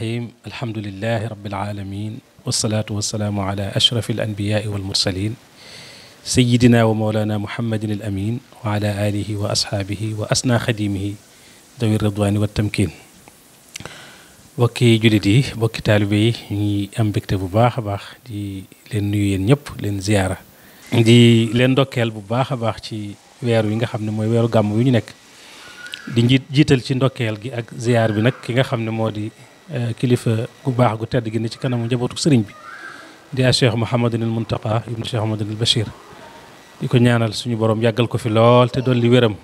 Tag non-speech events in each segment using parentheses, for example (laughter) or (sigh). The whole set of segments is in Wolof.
الرحيم الحمد لله رب العالمين والصلاة والسلام على أشرف الأنبياء والمرسلين سيدنا ومولانا محمد الأمين وعلى آله وأصحابه وأسنى خديمه ذوي الرضوان والتمكين bokki jullit yi bokki taalibe yi ñu ngi am mbégte bu baax a baax di leen nuyu yéen ñëpp leen ziyaara di leen ndokkeel bu baax a baax ci weer wi nga xam ne mooy weeru gàmm wi ñu nekk di jiital ci ndokkeel gi ak ziyaar bi nag ki nga xam ne moo di kilifa gu baax gu tedd gi ni ci kanamu njabootu sëriñ bi di a cheikh Mouhamadul Mountakha ibn cheikh Mouhamadul Bachir di ko ñaanal suñu borom yàggal ko fi lool te dolli wéram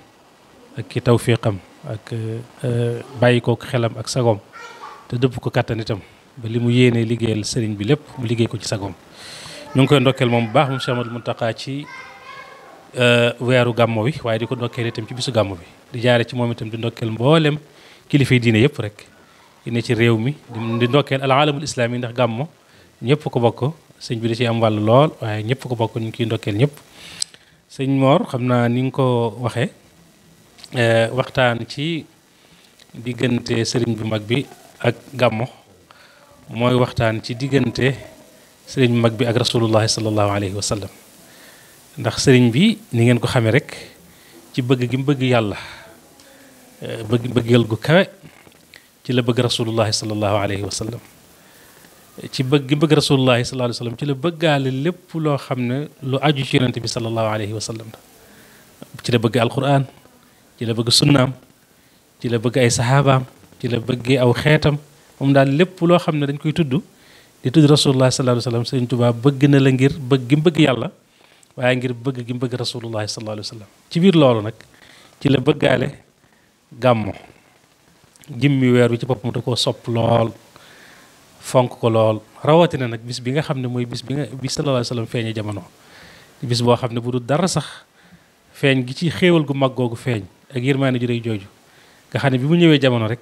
ak ki tawfiqam ak bàyyi ko xelam ak sagom te dëpp ko kattan itam ba li mu yéene liggéeyal sëriñ bi lépp mu liggéey ko ci sagom ñu ngi koy ndokkeel moom bu baax mu cheikh Mouhamadul Mountakha ci weeru gàmmo wi waaye di ko ndokkeel itam ci bisu gàmmo bi di jaare ci moom itam di ndokkeel mboolem kilifa diine yëpp rek. ne ci réew mi di ndokkeel al alamul islami ndax gàmmo ñëpp ko bokk sëñ bi da ciy am wàll lool waaye ñëpp ko bokk ñu ngi ciy ndokkeel ñëpp sëñ Mor xam naa ni nga ko waxe eh, waxtaan ci diggante sëriñ bu mag bi ak gàmmo mooy waxtaan ci diggante sëriñ bu mag bi ak rasulullahi sallallahu alayhi ndax sëriñ bi ni ngeen ko xamee rek ci bëgg gi mu bëgg yàlla eh, bëgg bëggal gu kawe ci la bëgg rasulullahi sallallahu alayhi wa sallam ci bëgg bëgg rasulullahi sallallahu alayhi wa sallam ci la bëggale lépp lo xamne lu aju ci yaronte bi sallallahu alayhi wa sallam ci la bëgg alquran ci la bëgg sunnaam ci la bëgg ay sahaba ci la bëgg aw xeetam mom daal lépp lo xamne dañ koy tuddu di tudd rasulullahi sallallahu alayhi wa sallam serigne touba bëgg na la ngir bëgg gi bëgg yàlla waye ngir bëgg gi bëgg rasulullahi sallallahu alayhi wa sallam ci biir loolu nak ci la bëggale gàmmo jëmmi weer wi ci boppam da koo sopp lool fonk ko lool rawatina nag bis bi nga xam ne mooy bis bi nga bi sallallahu alayhi wasallam bis boo xam ne bu dul dara sax feeñ gi ci xéewal gu mag googu feeñ ak yërmaane ju jooju nga xam ne bi mu ñëwee jamono rek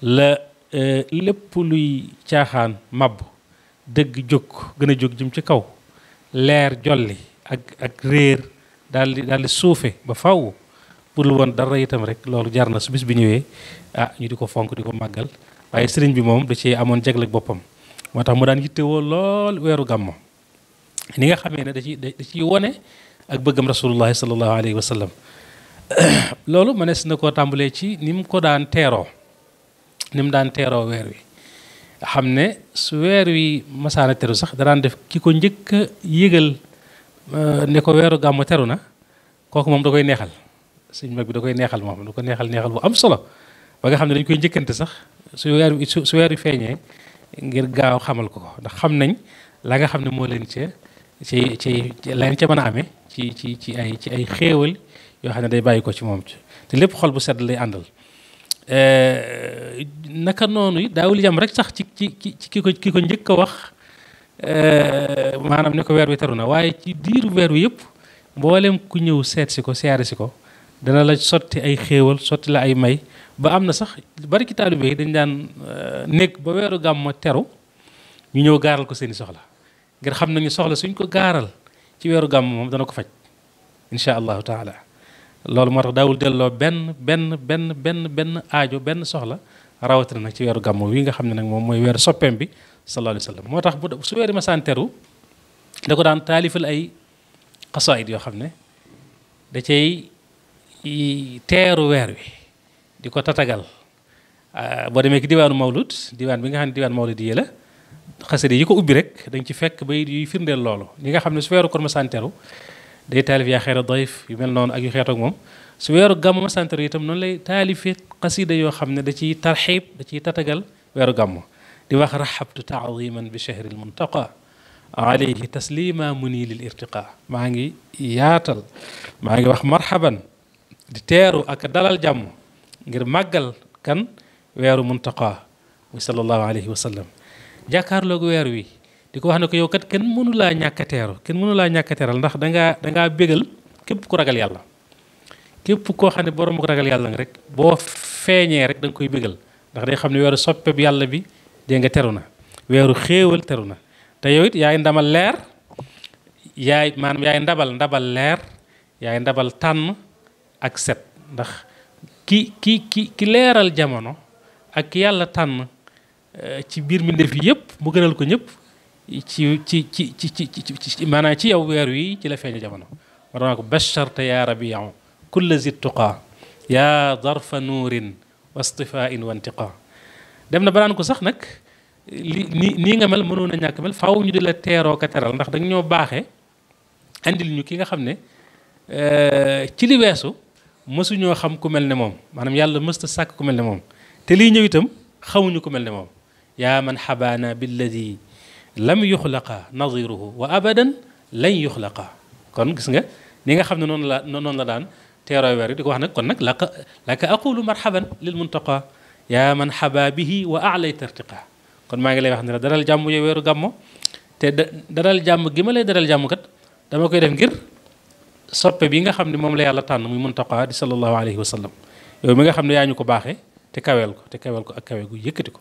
la eh, lépp luy caaxaan màbb dëgg jóg gën a jóg jëm ci kaw leer jolli ak ak réer daal di suufe ba faw pour lu woon dara itam rek loolu jar na su bis bi ñëwee ah ñu di ko fonk di ko màggal waaye sëriñ bi moom da cee amoon jagleeg boppam moo tax mu daan yittewoo lool weeru gàmmu ni nga xamee ne da ci da ciy wone ak bëggam rasulullahi sallallahu alayhi wa sallam (coughs) loolu mënees na koo tàmbalee ci ni mu ko daan teeroo ni daan teeroo weer wi xam ne su weer wi masaana teru sax da daan def ki ko njëkk a yëgal euh, ne ko weeru gàmmu teru na kooku moom da koy neexal suñ mag bi da koy neexal moom da ko neexal neexal bu am solo ba nga xam ne dañ koy njëkkante sax su weer su su weer wi feeñee ngir gaaw xamal ko ndax xam nañ la nga xam ne moo leen ca ci ci leen ca mën a amee ci ci ci ay ci ay xéewal yoo xam ne day bàyyi ko ci moom te lépp xol bu sedd lay àndal naka noonu it daawul yam rek sax ci ci ci ki ko ki njëkk a wax maanaam ne ko weer wi teru na waaye ci diiru weer wi yëpp mbooleem ku ñëw seet si ko siyaare si ko dana la sotti ay xéewal sotti la ay may ba am na sax bari ki taalibe yi dañ daan nekk ba wéru gàmmu teru ñu ñëw gaaral ko seeni soxla ngir xam nañu soxla suñ ko gaaral ci wéru gàmmu moom dana ko faj insha allahu taala loolu moo tax daawul delloo benn benn benn benn benn aajo benn soxla rawatina nag ci wéru gàmmu wi nga xam ne nag moom mooy weeru soppeem bi sallallahu alayhi wa sallam moo tax bu su weeri masaan teru da ko daan taalifal ay xasaayit yoo xam ne da cay yi teeru weer wi di ko tatagal boo demee ki diwaanu mawlud diwaan bi nga xam ne diwaan mawlud yi la xasida yi ko ubbi rek dañ ci fekk bay yuy firndeel loolu ñi nga xam ne su weeru kon ma day taalif yaa xeera dayif yu mel noonu ak yu xeetoog moom su weeru gàmmu ma itam noonu lay taalifi xasida yoo xam ne da ciy tarxiib da ciy tatagal weeru gàmmu di wax raxabtu taadiman bi chahri l muntaqa alayhi taslima muni lil irtiqa maa ngi yaatal marhaban di teru ak dalal jam ngir magal kan wéru muntaqa wa sallallahu alayhi wa sallam jàkkaarloogu wéru wi di wax ne ko yow kat ken munu la ñak teru ken munu la ñak teral ndax da nga da nga bégal kep ku ragal yalla kep ko xam borom ko ragal yalla rek bo feñé rek dang koy bégal ndax day xamni wéru bi yalla bi de nga teruna wéru xéewal teruna te yow it yaay ndamal leer yaay manam yaay ndabal ndabal leer yaay ndabal tan ak set ndax ki ki ki ki leeral jamono ak yàlla tànn ci biir mbindeef yi yëpp mu gënal ko ñëpp ci ci ci ci ci ci maanaam ci yow weer wi ci la feeña jamono war naa ko bacharta yaa rabiu kulla zi tuqaa yaa darfa nuurin wastifain wa intiqa dem na banaan ko sax nag ni nga mel mënoon a ñàkk mel faaw ñu di la teeroo ka teral ndax dañ ñoo baaxee andil ñu ki nga xam ne ci li weesu mësuñoo xam ku mel ne moom maanaam yàlla mësta sàkk ku mel ne moom te lii ñëw itam xamuñu ku mel ne moom yaa man xabaana billadi lam yuxlaqa nadiruhu wa abadan lan yuxlaqa kon gis nga ni nga xam ne noonu la noonu la daan teerooy weer yi di ko wax nag kon nag laka laka aqulu marhaban lil muntaqa yaa man xaba bihi wa alayta tartiqa kon maa ngi lay wax ne la daral jàmm yow weeru gàmmo te daral jàmm gi ma lay daral jàmm kat dama koy def ngir soppe bi nga xam ne moom la yàlla tànn muy muntaqa di sallallahu alayhi wa sallam yow mi nga xam ne yaa ñu ko baaxee te kaweel ko te kaweel ko ak kawe gu yëkkati ko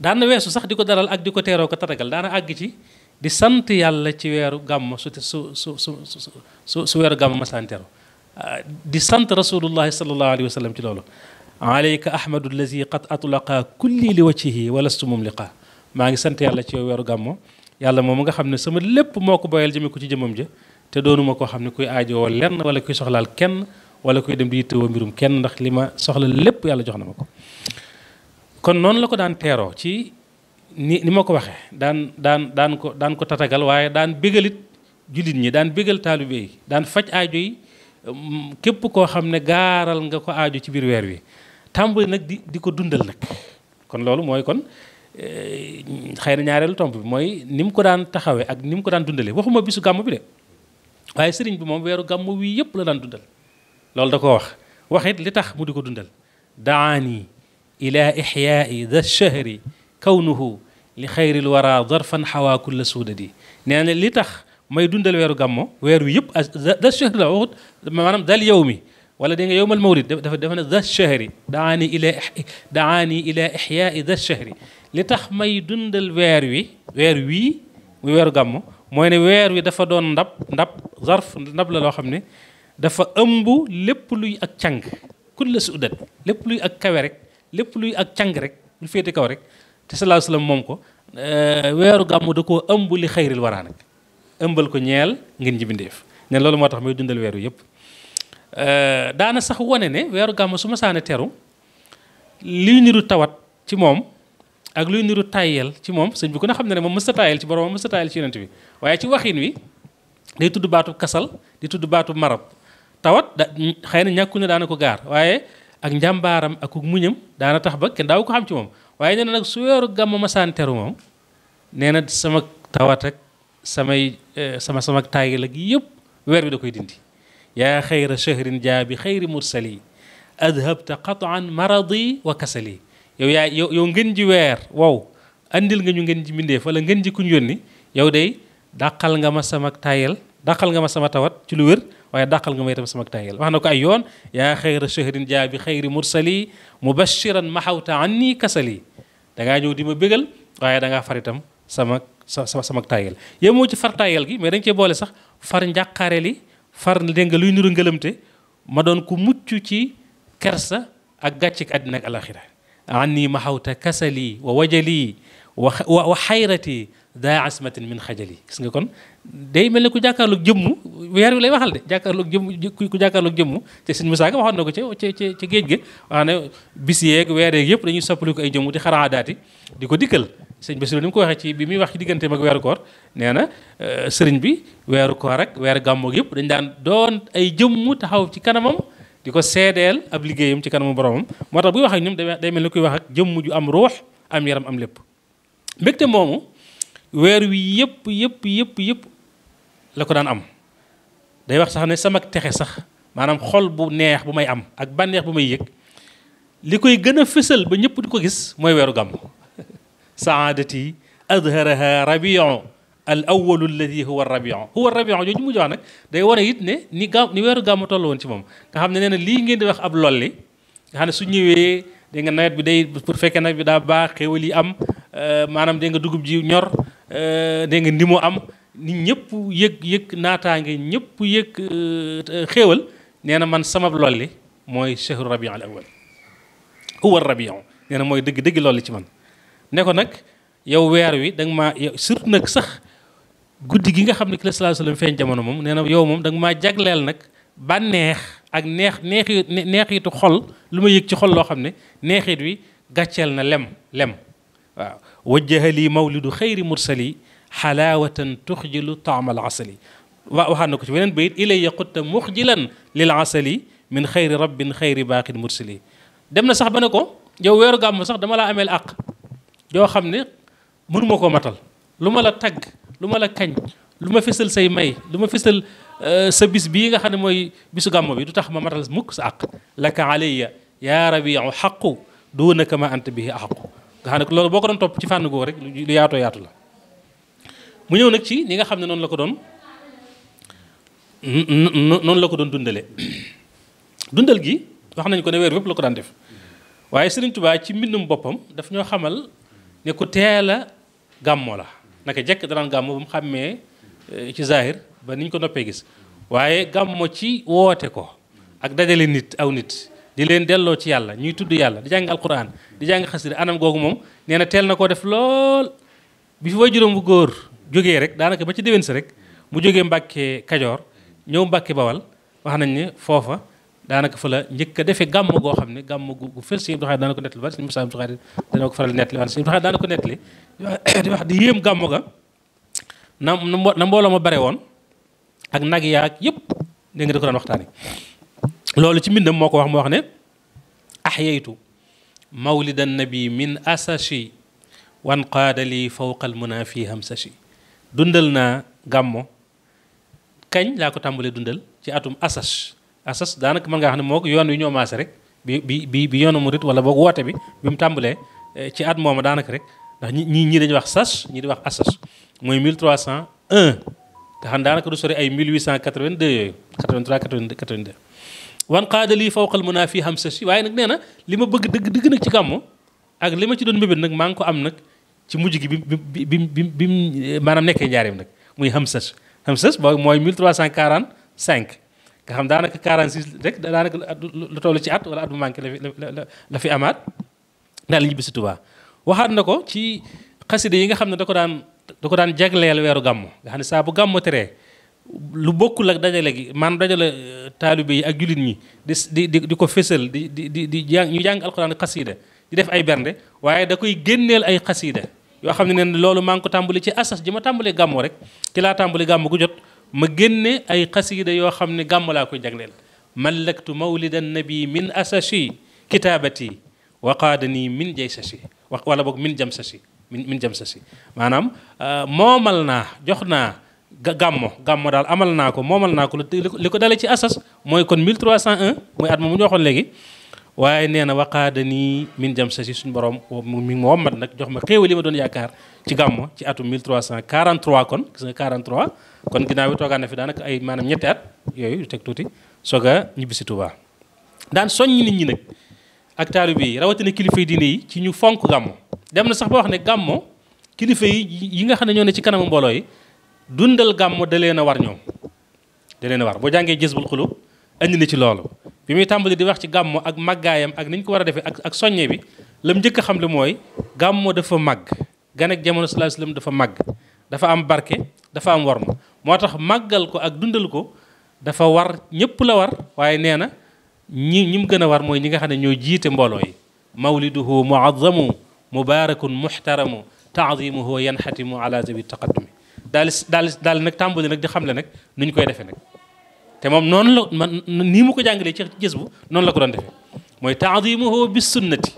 daana weesu sax di ko dalal ak di ko teeroo ko tatagal daana àgg ci di sant yàlla ci weeru gàmm su su su su su weeru gàmm masaan teeroo di sant rasulullahi sallallahu alayhi wa sallam ci loolu alayka ahmadu allazi qad atlaqa kulli li wajhihi wa lastu mumliqa maa ngi sant yàlla ci weeru gàmmo yàlla moom nga xam ne sama lépp moo ko boyal jëme ko ci jëmam ja te doonuma koo xam ne kuy aajowoo lenn wala kuy soxlaal kenn wala kuy dem di yittewoo mbirum kenn ndax li ma soxla lépp yàlla jox na ma ko kon noonu la ko daan teeroo ci ni ni ma ko waxee daan daan daan ko daan ko tatagal waaye daan bégalit jullit ñi daan bégal taalibe yi daan faj aajo yi mm, képp koo xam ne gaaral nga ko aajo ci biir weer wi tàmbali nag di di ko dundal nag kon loolu mooy kon eh, xay na ñaareelu tomb bi mooy ni mu ko daan taxawee ak ni mu ko daan dundalee waxuma bisu gàmm waaye sëriñ bi moom weeru gàmmu wi yëpp la daan dundal loolu da ko wax waxit li tax mu di ko dundal daani ila ixyaai da shahri kawnuhu li xayril wara darfan xawaa kulla suudadi nee na li tax may dundal weeru gàmmo weer wi yëpp da shahri la waxut maanaam dal yow mi wala dégg nga yowmal mawlid dafa dafa ne da shahri daani ila daani ila ixyaai da shahri li tax may dundal weer wi weer wii muy weeru gàmmo mooy ne weer wi dafa doon ndab ndab ظرف نب لا لو خامني دا فا امبو ليب لوي اك تيانغ كل سودت ليب لوي اك كاوي رك ليب لوي اك تيانغ رك بو فيتي كاوي رك تي صلى الله عليه وسلم مومكو ا آه، ويرو غامو دكو امبو لي خير الوران امبل كو نيل نين جي بنديف ني لولو موتاخ مي دوندال ويرو ييب ا آه، دانا صاح وني ني ويرو غامو سوما سانه تيرو لي نيرو تاوات تي موم ak luy niru tayel ci mom señ bi ko na xamne mom mësta tayel ci borom mësta tayel ci yonent bi waye ci waxin wi day tudd baatub kasal di tudd baatub marab tawat da xëy ñàkku ne daana ko gar waye ak njambaram ak muñum daana tax ba ken daaw ko xam ci mom waye neena nak su yoru gàmmu ma santeru mom neena sama tawat ak samay sama sama taayil ak yeb wer bi da koy dindi ya khayra shahrin jaabi khayri mursali adhabta qatan maradi wa kasali yow yaa yow yow ngeen ji weer wow andil nga ñu ngeen ji mbindee fa la ngeen ji kuñ yónni yow day dàqal nga ma sama tayel dàqal nga ma sama tawat ci lu wér waaye dàqal nga ma itam sama tayel wax na ko ay yoon yaa xayra shahrin jaa bi xayri mursali mubashiran maxawta nii kasali da ngaa ñëw di ma bëggal waaye da ngaa far itam sama sa sama tayel yow moo ci far tayel gi mais dañ cee boole sax far njàqaare li far dégg nga luy niru ngëlëmte ma doon ku mucc ci kersa ak gàccik àddina ak alaxira anni maxawta kasali wa wajali wa xayrati daa asmatin min xajali gis nga kon day mel ne ku jàkkaarloog jëmm weer wi lay waxal de jàkkaarloog jëmm ku jàkkaarloog jëmm te sëñ Moussa Ka waxoon na ko ca ca ca ca géej ga wax ne bis yeeg weer yeeg yëpp dañuy soppaliku ay jëmm di xaraa daati di ko dikkal sëñ Basiru ni mu ko waxee ci bi muy wax ci digganteem ak weeru koor nee na eh, sëriñ bi weeru koor ak weeru gàmmoog yëpp dañ daan doon ay jëmm taxaw ci kanamam di ko seedeel ab liggéeyam ci kanamu boromam moo tax buy wax ak ñoom day mel ni kuy wax ak jëmm ju am ruux am yaram am lépp mbégte moomu weer wi yëpp yépp yëpp yëpp la ko daan am day wax sax ne sama texe sax maanaam xol bu neex bu may am ak bànneex bu may yëg li koy gën a fësal ba ñëpp di ko gis mooy weeru gàmm (laughs) saadati adharaha rabion al awalu alladi huwa rabion huwa rabion jooju mu jox nag day war a it ne ni gàmm ni weeru gàmm toll woon ci moom nga xam ne nee na lii ngeen di wax ab lolli nga xam ne su ñëwee dégg nga nawet bi day pour fekkee nag bi daa baax xéwal yi am euh, maanaam dégg nga dugub ji ñor Euh, dégg nga ni mu am nit ñëpp yëg yëg naataange ñëpp yëg euh, euh, xéewal nee na man sama lolli mooy chehru rabion al awal huwa rabion nee mooy dëgg dëgg lolli ci man ne ko nag yow weer wi danga ma maa surtout nag sax guddi gi nga xam ne ki la sallallahu alayhi feeñ jamono moom nee na yow moom da nga maa jagleel nag bànneex ak neex neexi neexitu xol lu ma yëg ci xol loo xam ne neexit wi gàcceel na lem lem waaw وجه لي مولد خير مرسلي حلاوة تخجل طعم العسل وأحنك تبين بيت إلي يقط مخجلا للعسل من خير رب خير باقي مرسلي دمنا صاحبناكو جو وير قام مسخ دم لا أمل أق جو خمني من مكو مطل لما لا تج لما لا كن لما فصل سي ماي لما فصل آه، سبيس بي nga xamne moy bisu gamo bi du tax ma matal muks ak lak alayya ya rabi'u haqqu dunaka ma anta bihi nga xam ne loolu boo ko doon topp ci fànn googu rek lu yaatoo yaatu la mu ñëw nag ci li nga xam ne noonu la ko doon noonu la ko doon dundale dundal gi wax nañ ko ne weer wépp la ko daan def waaye Sëriñ Tuubaa ci mbindum boppam daf ñoo xamal ne ko teel a gàmmoo la naka jekk danaan gàmmoo ba mu xàmmee eh, ci zahir ba niñ ko noppee gis waaye gàmmo ci woote ko ak dajale nit aw nit di leen delloo ci yàlla ñuy tudd yàlla di jàng alquran di jàng xasida anam googu moom nee teel na koo def lool bi fi way juróom bu góor jógee rek daanaka ba ci déwén sa rek mu jógee Mbàkke Kajoor ñëw Mbàkke Bawal wax nañ ne foofa daanaka fa la njëkk a defee gàmm goo xam ne gàmm gu gu fër Sëñ Abdou Khadre daana ko nettali ba Sëñ Moussa Abdou Khadre dana ko faral nettali waan Sëñ ko nettali di wax di yéem gàmm ga na na mbooloo ma bare woon ak nag yaag yëpp dégg nga da ko daan waxtaane loolu ci mbindam moo ko wax mu wax ne axyaytu mawlida nabi min asashi wan qaada li fawqa almuna fi hamsashi dundal naa gàmmo kañ laa ko tàmbalee dundal ci atum asas asas daanaka mën nga xam ne moo yoon wi ñoo maase rek bi bi bi bi yoonu murit wala boog woote bi bi mu tàmbalee ci at mooma daanaka rek ndax ñi ñii dañuy wax sas ñi di wax asas mooy 1301 nga xam daanaka du sori ay 1882 yooyu 83 82 wanqaada lii wan qaada naa fii munaafi hamsasi waaye nag nee na li ma bëgg dëgg dëgg nag ci gàmmu ak li ma ci doon mébét nag maa ngi ko am nag ci mujj gi bi bi bi bi eh, maanaam nekkee njaareem nag muy hamsas hamsas boo mooy cent 1345 nga xam daanaka 46 rek daanaka lu toll ci at wala at bu manqué la fi la fi amaat daal la ñibbi si Tuubaa waxaat na ko ci xaside yi nga xam ne da ko daan da ko daan jagleel weeru gàmmu nga xam ne saa bu lu bokkul ak dajale gi maanaam dajale taalibe yi ak jullit ñi di di di ko fésal di di di di jàng ñu jàng alxuraan xasiida di def ay bernde waaye da koy génneel ay xasiida yoo xam ne ne loolu maa ngi ko tàmbali ci asas ji ma tàmbalee gàmmoo rek ci laa tàmbali gàmm gu jot ma génne ay xasiida yoo xam ne gàmm laa koy jagleel mallaktu mawlidan nabi min asashi kitaabati waqaadani min jaysashi wala boog min jamsashi min min jamsashi maanaam moomal naa jox naa gàmmo gàmmo daal amal naa ko moomal naa ko li ko dalee ci asas mooy kon 1301 mooy at ma mu ñu waxoon léegi waaye nee na waqaada nii min jam sa si suñu borom mi moom mat nag jox ma xéewal yi ma doon yaakaar ci gàmmo ci atum 1343 kon gis nga 43 kon ginnaaw bi toogaan na fi daanaka ay maanaam ñetti at yooyu lu teg tuuti soo a ñibbi si daan soññ nit ñi nag ak taalibe yi rawatina kilifa yi diine yi ci ñu fonk gàmmo dem na sax ba wax ne gàmmo kilifa yi yi nga xam ne ñoo ne ci kanamu mbooloo yi dundal gàmmu da leen a war ñoom da leen war boo jàngee jësbul xulub andi na ci loolu bi muy tàmbali di wax ci gàmmu ak màggaayam ak ni ñu ko war a defee ak ak soññe bi la njëkk a xam le mooy gàmmu dafa màgg gan ak jamono sallallahu alayhi dafa màgg dafa am barke dafa am war moo tax màggal ko ak dundal ko dafa war ñëpp la war waaye nee na ñi ñi mu gën a war mooy ñi nga xam ne ñoo jiite mbooloo yi mawliduhu muazzamu mubarakun muhtaramu taadimuhu yanxatimu ala zawi taqaddumi daal daal daal nag tàmbali nag di xamle nag nu ñu koy defee nag te moom noonu la man nii mu ko jàngalee ci gis bu noonu la ko doon defee mooy taadimuhu bi sunnati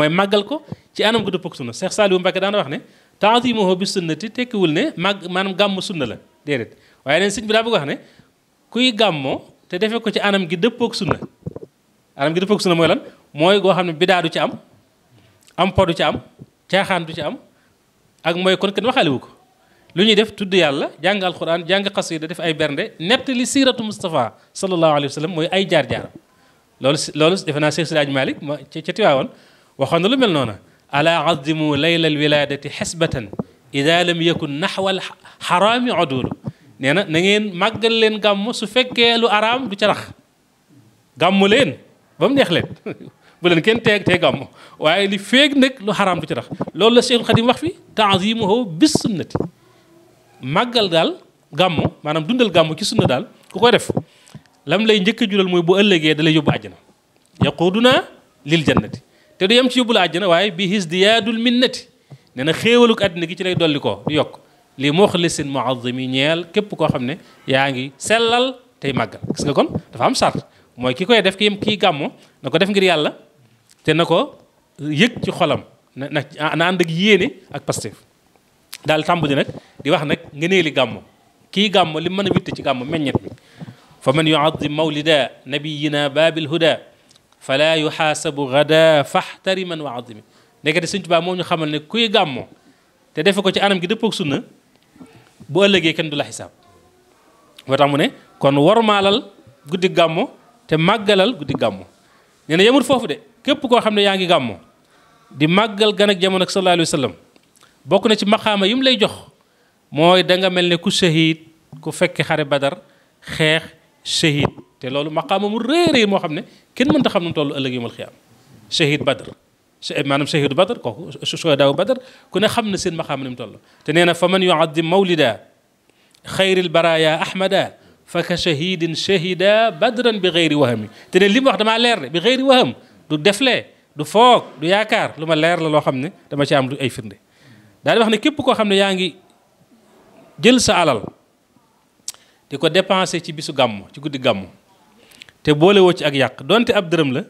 mooy màggal ko ci anam gu dëpp ak sunna Cheikh Saliou Mbacke daana wax ne taadimuhu bi sunnati tekkiwul ne màgg maanaam gàmm sunna la déedéet waaye neen sëñ bi daa bëgg wax ne kuy gàmmoo te defee ko ci anam gi dëppook sunna anam gi dëppook sunna mooy lan mooy goo xam ne bidaa du ci am am po du ci am caaxaan du ci am ak mooy kon kenn waxaaliwu ko lu ñuy def tudd yàlla jàng alxuraan jàng xasida def ay bernde nettali siiratu Moustapha sallallahu alayhi wa sallam mooy ay jaar-jaar loolu si loolu defe naa Cheikh Sidaaj Malick ma ca ca Tiwaawoon waxoon na lu mel noonu ala azimu layla alwiladati xisbatan ida lam yakun naxwal xaraami oduulu nee na na ngeen màggal leen gàmm su fekkee lu araam du ca rax gàmm leen ba mu neex leen bu leen kenn teeg tee gàmm waaye li féeg nag lu xaraam du ca rax loolu la Cheikhul Xadim wax fi taazimuhu bis sunnati magal dal gamu manam dundal gamu ci sunna dal ku koy def lam lay ñëk a jural mooy bu ëllëgé da lay yóbbu aljana yaquduna lil jannati te du yam ci yóbbu aljana àjjana waaye bi hisdiyaadul minnati nee xéewaluk adina gi ci lay doliko koo di yokk li muxlisin mu'azzimi ñeel kep ko xamne yaangi selal tay magal gis nga kon dafa am sart moy ki koy def ki yam ki gamu nako def ngir yàlla te nako yek ci xolam na na ànd ak yene ak Pastef dal tambu di nak di wax nag ngëneeli gam ki gam li meuna a ci gam meññet bi fa man yu'azzim mawlida nabiyyina babil huda fala yuhasabu gada fahtariman wa'azzim nek de Sëñ Tuubaa mo ñu xamal ne kuy gam te def ko ci anam gi depp ak sunna bu ëllëgé kenn du la hisab moo tax mu ne kon warmaalal guddi gam te magalal guddi gam nee na yemul foofu de kep ko xamne yaangi gam di magal gan ak jamono ak sallallahu alayhi wasallam bokku na ci maqaama yi lay jox moy da nga melni ku shahid ku fekki xare badar xex shahid te loolu maqama mu réerée mo xamne ken mën ta xam nu tollu ëllëg yawmal xiyam shahid badar manam shahid badar so shuhadaawu badar ku ne xamne seen maqama ni tollu te neena faman yu'addi mawlida baraya ahmada fa ka shahidin shahida badran bi xayri wahmi te ne lim wax dama leer bi xayri waham du defle du fok du yaakaar luma leer la lo xamne dama ci am du ay firnde daal di wax ne képp koo xam ne yaa ngi jël sa alal di ko dépensé ci bisu gàmm ci guddi gàmm te boolewoo ci ak yàq donte ab dërëm la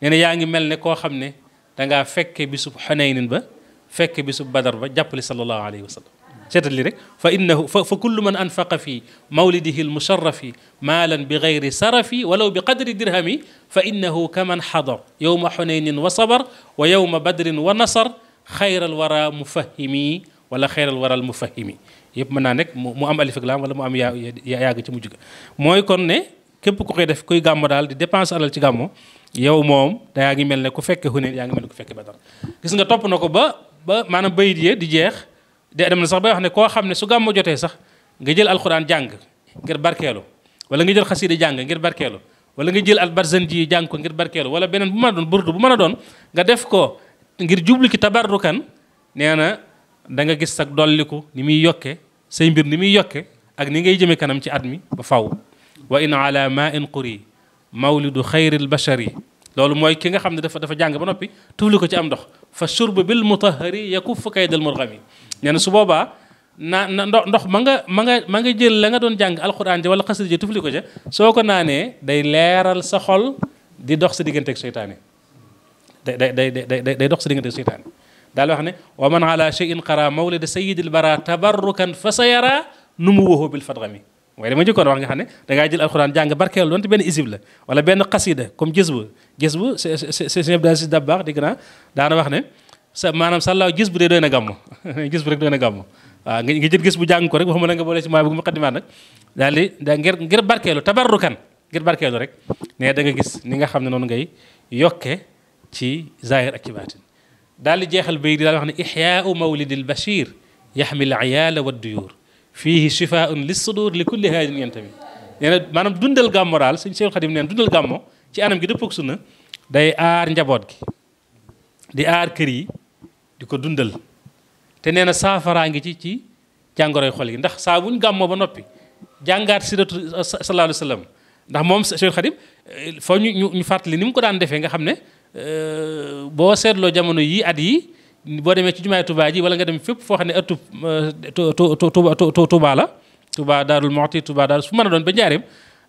nee na yaa ngi mel ne koo xam ne dangaa fekke bisu xunaynin ba fekke bisu badar ba jàppale sallallahu alayhi wa sallam seetal li rek fa innahu fa kullu man anfaqa fi mawlidihi al almusharrafi malan bi ghayri sarafi walaw bi qadri dirhami fa innahu kaman hadar yawma hunain wa sabar wa yawma badrin wa nasar khayral wara mufahimi wala khayral waral mufahimi yëpp mën naa nekk mu am alif ak laam wala mu am yaa yàgg ci mujj ga mooy kon ne képp ku koy def kuy gàmmo daal di dépense alal ci gàmmo yow moom da yaa ngi mel ne ku fekke Hunayn yaa ngi mel ba ba mana bayit yi ya di jeex de dem na sax bay wax ne koo xam ne su gàmmo jotee sax nga jël alquran jàng ngir barkeelu wala nga jël xasida jàng ngir barkeelu wala nga jël buman don, ko ngir barkeelu wala beneen ngir jublu ci tabarrukan neena da nga gis sag doliku ni mi yokke sey mbir ni mi yokke ak ni ngay jëme kanam ci admi ba faw wa in ala ma in quri mawlidu khairil bashari lolou moy ki nga xamne dafa dafa jàng ba nopi tufli ko ci am dox fa shurbu bil mutahari yakuffu kaydal murghami neena su boba na ndox ma nga ma nga ma nga jël la nga doon jàng alquran ja wala xasida ji tufli ko ca soo ko day leral sa xol di dox sa digënté ak shaytané day day day day day dox sa diggante seytaane daal wax ne wa man ala cheyin qara mawlida sayidil bara tabarrukan fa sa yara nu mu wóoxoo bil fadrami mooy dama jëkkoon wax nga xam ne da ngaa jël alxuraan jàng barkeelu doonte benn isib la wala benn xasida comme gis bu gis bu sëñ Abdou Aziz Dabakh dégg naa daana wax ne sa maanaam sàllaaw gis bu dee doy na gàmm gis (laughs) bu rek doy na gàmm waaw nga jël gis bu jàng ko rek waxuma la nga boole ci maa bu ma xadimaat nag daal di da ngir ngir barkeelu tabarrukan ngir rek ne da nga gis ni nga xam ne noonu ngay yokkee تي زاهر أكبات دال جيخل بيري دال إحياء مولد البشير يحمي العيال والديور فيه شفاء للصدور لكل هذا ينتمي يعني مانم دوندل غامورال سين شيخ خديم نين دوندل غامو تي انام جي دوبوك سونا داي ار نجابوت كي ار كري ديكو دوندل تي نينا سافرا نغي تي تي جانغوراي خولي ندخ سا بون غامو با نوبي الله عليه وسلم ندخ موم شيخ خديم فو ني فاتلي نيم كو دان boo seetloo jamono yi at yi boo demee ci jumaay Touba ji wala nga dem fépp foo xam ne ëttub euh, Touba la tubaa daalul Muxti tubaa Daaru su mën a doon ba njaareem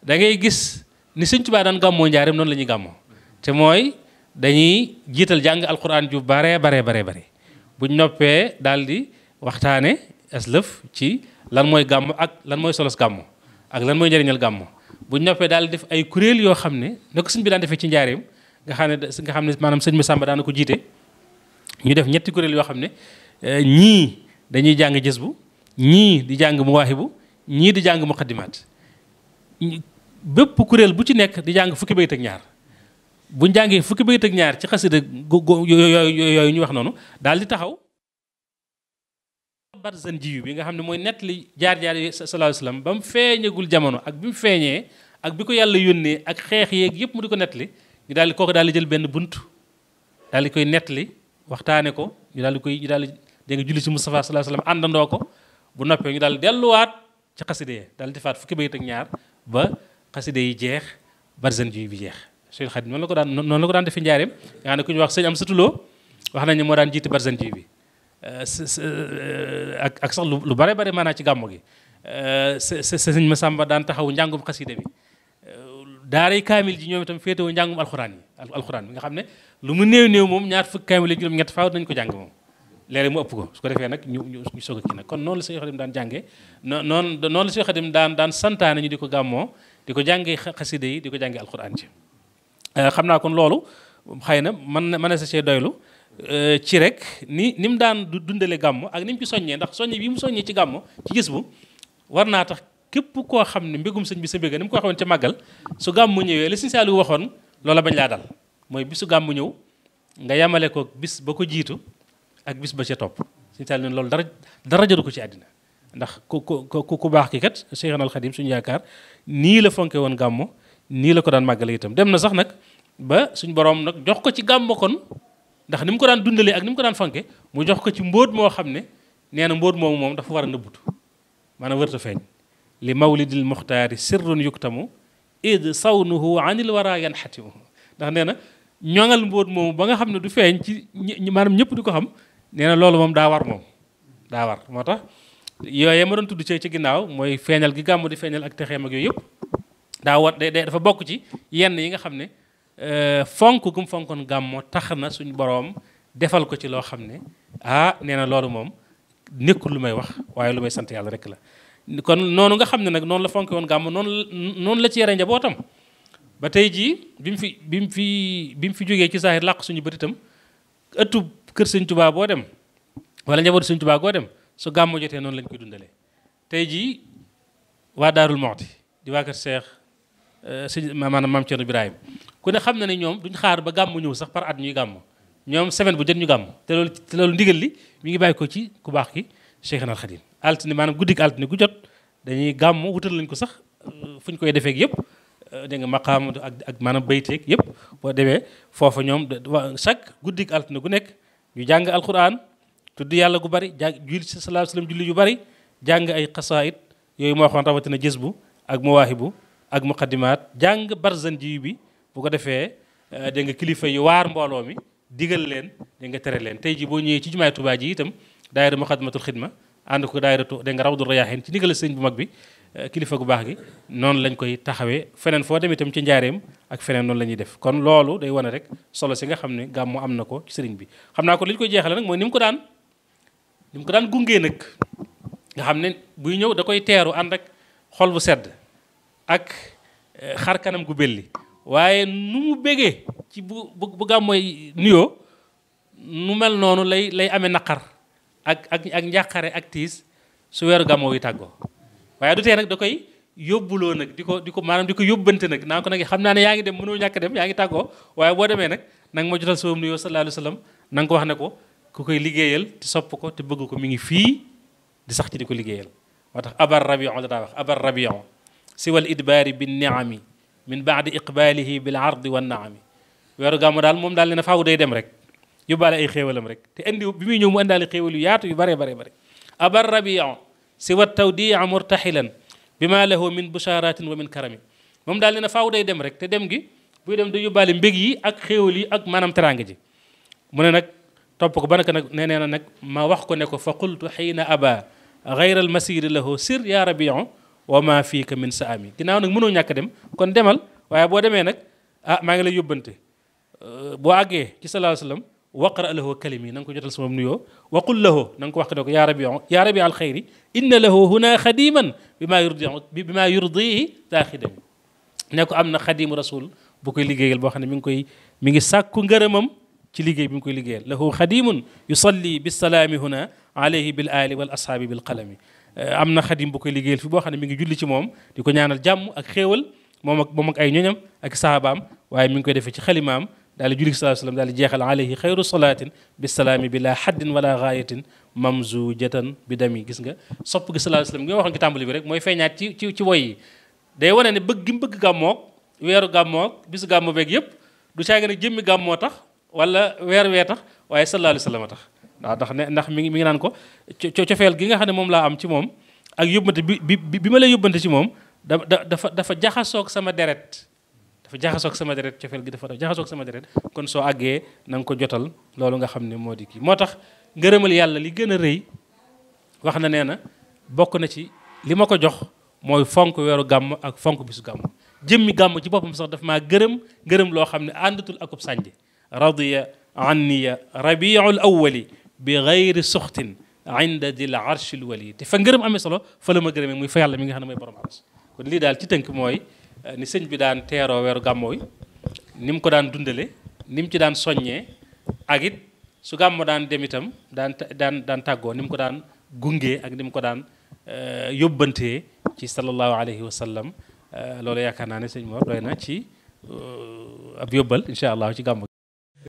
da ngay gis ni sëñ tubaa daan gàmmoo njaareem noonu la ñuy gàmmoo te mooy dañuy jiital jàng alxuraan ju bare bare bare bare buñ noppee daal di waxtaane lëf ci lan mooy gàmmu ak lan mooy solos gàmmu ak lan mooy njëriñal gàmmu buñ noppee daal di def ay kuréel yoo xam ne na suñ bi daan defee ci njaareem nga xam ne nga xam ne maanaam sëñ Massamba daana ko jiite ñu def ñetti kuréel yoo xam ne eh, ñii dañuy jàng jës bu ñii di jàng muwaahibu ñii di jàng mu muqaddimaat bépp kuréel bu ci nekk di jàng fukki bayit ak ñaar buñ jàngee fukki bayit ak ñaar ci xasida yooyu ñu wax noonu daal di taxaw barzan jiw bi nga xam ne mooy nett li jaar-jaar yi sallallahu alayhi wasallam ba mu feeñagul jamono ak bi feeñee ak bi ko yàlla yónnee ak xeex yéeg yëpp mu di ko nett ñu daal di kooku daal di jël benn bunt daal di koy nettali waxtaane ko ñu daal di koy ñu daal di julli ci Moustapha sallallahu alayhi wa àndandoo ko bu noppee ñu daal di delluwaat ci xaside yi daal di faat fukki bayit ak ñaar ba xaside yi jeex barzen ji bi jeex Cheikh Khadim noonu ko daan noonu la ko daan defee njaareem nga ne ku ñu wax sëñ am satuloo wax nañu moo daan jiiti barzen ji bi euh, euh, ak ak sax lu bare bare maanaa ci gàmmu gi euh, sëñ Masamba daan taxaw njàngum xaside bi daaray kaamil ji ñoom itam féetewoo njàngum alxuraan yi alxuraan bi nga xam ne lu mu néew néew moom ñaar fukk kaamil yi juróom-ñett faaw nañu ko jàng moom léeg ko su ko a kii nag kon noonu la Sëñ Xaadim daan jàngee noonu daan daan santaane di ko gàmmoo di ko jàngee xaside yi di ko jàngee alxuraan ji euh, xam naa kon loolu xay na man na mën na sa cee doylu euh, ci rek ni ni mu daan dundale gàmmu ak ni mu ci soññee ndax soññe bi mu soññee ci gàmmu ci gis bu war naa tax képp koo xam ne mbégum sëñ bi sa mbéga ni mu ko waxoon ca màggal su mu ñëwee li sëñ Saaliw waxoon loola bañ laa dal mooy bisu mu ñëw nga yamale ko bis ba ko jiitu ak bis ba ca topp sëñ ne loolu dara dara jaru ko ci àddina ndax ku ku ku baax ki kat Cheikh al Khadim suñu yaakaar nii la fonke woon gàmmu nii la ko daan màggale itam dem na sax nag ba suñ borom nak, jox ko ci gàmmu kon ndax ni mu ko daan dundalee ak ni mu ko daan fonke mu jox ko ci mbóot moo xam ne nee na mbóot moomu moom dafa war a nëbbutu wërta feeñ لmawlid l muxtaari sirrun yuktamu id sawnuhu an il wara yanxatimu ndax nee na ñoŋal mbóot moomu ba nga xam ne du feeñ ci maanaam ñëpp di ko xam nee na loolu moom daa war moom daa war moo tax yooye ma doon tudd ci ci ginnaaw mooy feeñal gi gàmmu di feeñal ak texeem ak yooyu yëpp daa war day dafa bokk ci yenn yi nga xam ne fonk gu mu fonkoon gàmmoo tax na suñu boroom defal ko ci loo xam ne ah nee na loolu moom nekkul lu may wax waaye lu may sant yàlla rek la kon noonu nga xam ne nag noonu la fonk woon gàmm noonu noonu la ci yare njabootam ba tey jii bi mu fi bi mu fi bi mu fi jógee ci saahir làq suñu bëtitam ëttu kër sëñ tubaa boo dem wala njaboot sëñ tubaa boo dem su gàmmu jotee noonu lañ koy dundalee tey jii waa daarul moxti di waa kër seex euh, sëñ maanaam maam Cerno Ibrahim ku ne xam na ne ñoom duñ xaar ba gàmmu ñëw sax par at ñuy gàmm ñoom semaine bu jot ñu gàmm te loolu ndigal li mi ngi bàyyi ko ci ku baax ki Cheikh Al altine maanaam guddik altine gu jot dañuy gàmm wutal lañ ko sax euh, fu ñu koy defeek yëpp euh, dégg nga maqaam ak ak maanaam bayteeg yëpp boo demee foofa ñoom chaque guddik altine gu nekk ñu jàng alquran tudd yàlla gu bari jàng jul salaa salaam julli yu bari jàng ay xasaayit yooyu moo waxoon rawatina jës bu ak mawaahibu ak muqaddimaat jàng barzan ji bi bu ko defee euh, dégg nga kilifa yi waar mbooloo mi digal leen dégg nga tere leen tey ji boo ñëwee ci jumaay Tuubaa ji itam daayira muqaddimatul xidma ànd ko dairatu de nga rawdu riyahin ci ndigal sëñ bu mag bi eh, kilifa gu bax gi non lañ koy taxawé fenen fo tam ci ak fenen non lañuy def kon loolu day wone rek solo si nga xam ne gàmmu am ko ci sëriñ bi xamna ko liñ koy jeexale nak moy nim ko daan nim ko daan gungé nak nga buy da koy téru and ak xol bu sedd ak eh, xar kanam gu belli waye nu mu bégee ci bu bu gàmmooy nuyo nu mel nonu lay lay amé nakar ak ak ak njàqare ak tiis su weeru gàmmoo yi tàggoo waaye du tee nag da koy yóbbuloo nag di ko di ko maanaam di ko yóbbante nag naa ko nag xam naa ne yaa ngi dem mënoo ñàkk dem yaa ngi tàggoo waaye boo demee nag na nga ma jotal sama nuyoo sallallahu alayhi wa sallam na nga ko wax ne ko ku koy liggéeyal te sopp ko te bëgg ko mi ngi fii di sax ci di ko liggéeyal moo tax abar rabion la daa wax abar rabion siwal idbaari bi niami min baadi iqbaalihi bil ardi wa naami weeru gàmmu daal moom daal ne na faaw day dem rek يبالي اي خيوالم رك تي اندي بيمي نيو مو اندالي خيوال يو ياتو يبري بري بري ابر ربيع سوى التوديع مرتحلا بما له من بشارات ومن كرم موم دالنا فاو داي ديم رك تي ديم غي بو ديم دو يبالي مبيغي اك خيوال يو اك مانام ترانجي مون نك توب كو بانك نك نينا نك ما واخكو نكو فقلت حين ابا غير المسير له سر يا ربيع وما فيك من سامي كناو نك مونو نياك ديم كون ديمال وايا بو ديمي نك اه ماغي لا يوبنتي آه، بو اغي صلى الله عليه وسلم وقرا له كلمي نانكو جوتال سوم نيو وقل له نانكو واخ دوك يا ربي يا ربي الخير ان له هنا خديما بما يرضي بما يرضيه تاخدا نكو امنا خديم رسول بوكاي ليغيال بو خاني مينكوي ميغي ساكو غرمم تي ليغي بيمكوي ليغيال له خديم يصلي بالسلام هنا عليه بالال والاصحاب بالقلم آه، امنا خديم بوكاي ليغيال في بو خاني ميغي جولي سي موم ديكو نيانال جام اك خيوال موم اك اي نيونم اك صحابام واي مينكوي ديفي سي خليمام daal di julli salaa salaam daal di jeexal alayhi xayru salaatin bi salaami bi laa xaddin wala gaayatin mamzujatan bi dami gis nga sopp gi salaa salaam gi ma waxoon ci tàmbali bi rek mooy feeñaat ci ci ci woy yi day wane ne bëgg gi mu bëgg gàmmoog weeru gàmmoog bisu gàmmo beeg yëpp du caa gën a jëmmi gàmmoo tax wala weer wee tax waaye sallallahu alayhi wa sallam tax waaw ndax ne ndax mi ngi mi ngi naan ko cofeel gi nga xam ne moom laa am ci moom ak yóbbante bi bi bi ma lay yóbbante ci moom da dafa dafa jaxasoog sama deret dafa jaxasoog sama deret cofeel gi dafa jaxasoog sama deret kon soo àggee na nga ko jotal loolu nga xam ne moo di kii moo tax ngërëmal yàlla li gën a rëy wax na nee na bokk na ci li ma ko jox mooy fonk weeru gàmm ak fonk bisu gàmm jëmmi gàmm ci boppam sax daf maa gërëm gërëm loo xam ne àndatul akub sànj radiya anniya rabiul awali bi gayri suxtin inda dil arshil wali te fa ngërëm amee solo fa la ma gërëmee muy fa yàlla mi nga xam ne mooy borom aras kon lii daal ci tënk mooy ni sëñ bi daan teeroo weeru gàmmoo yi ni mu ko daan dundale ni mu ci daan soññee ak it su gàmmo daan dem itam daan daan daan tàggoo ni mu ko daan gungee ak ni ko daan eh, yóbbantee ci sallallahu alayhi wa sallam eh, loolu yaakaar naa ne sëñ Mor doy na ci eh, ab yóbbal incha allah ci gàmmu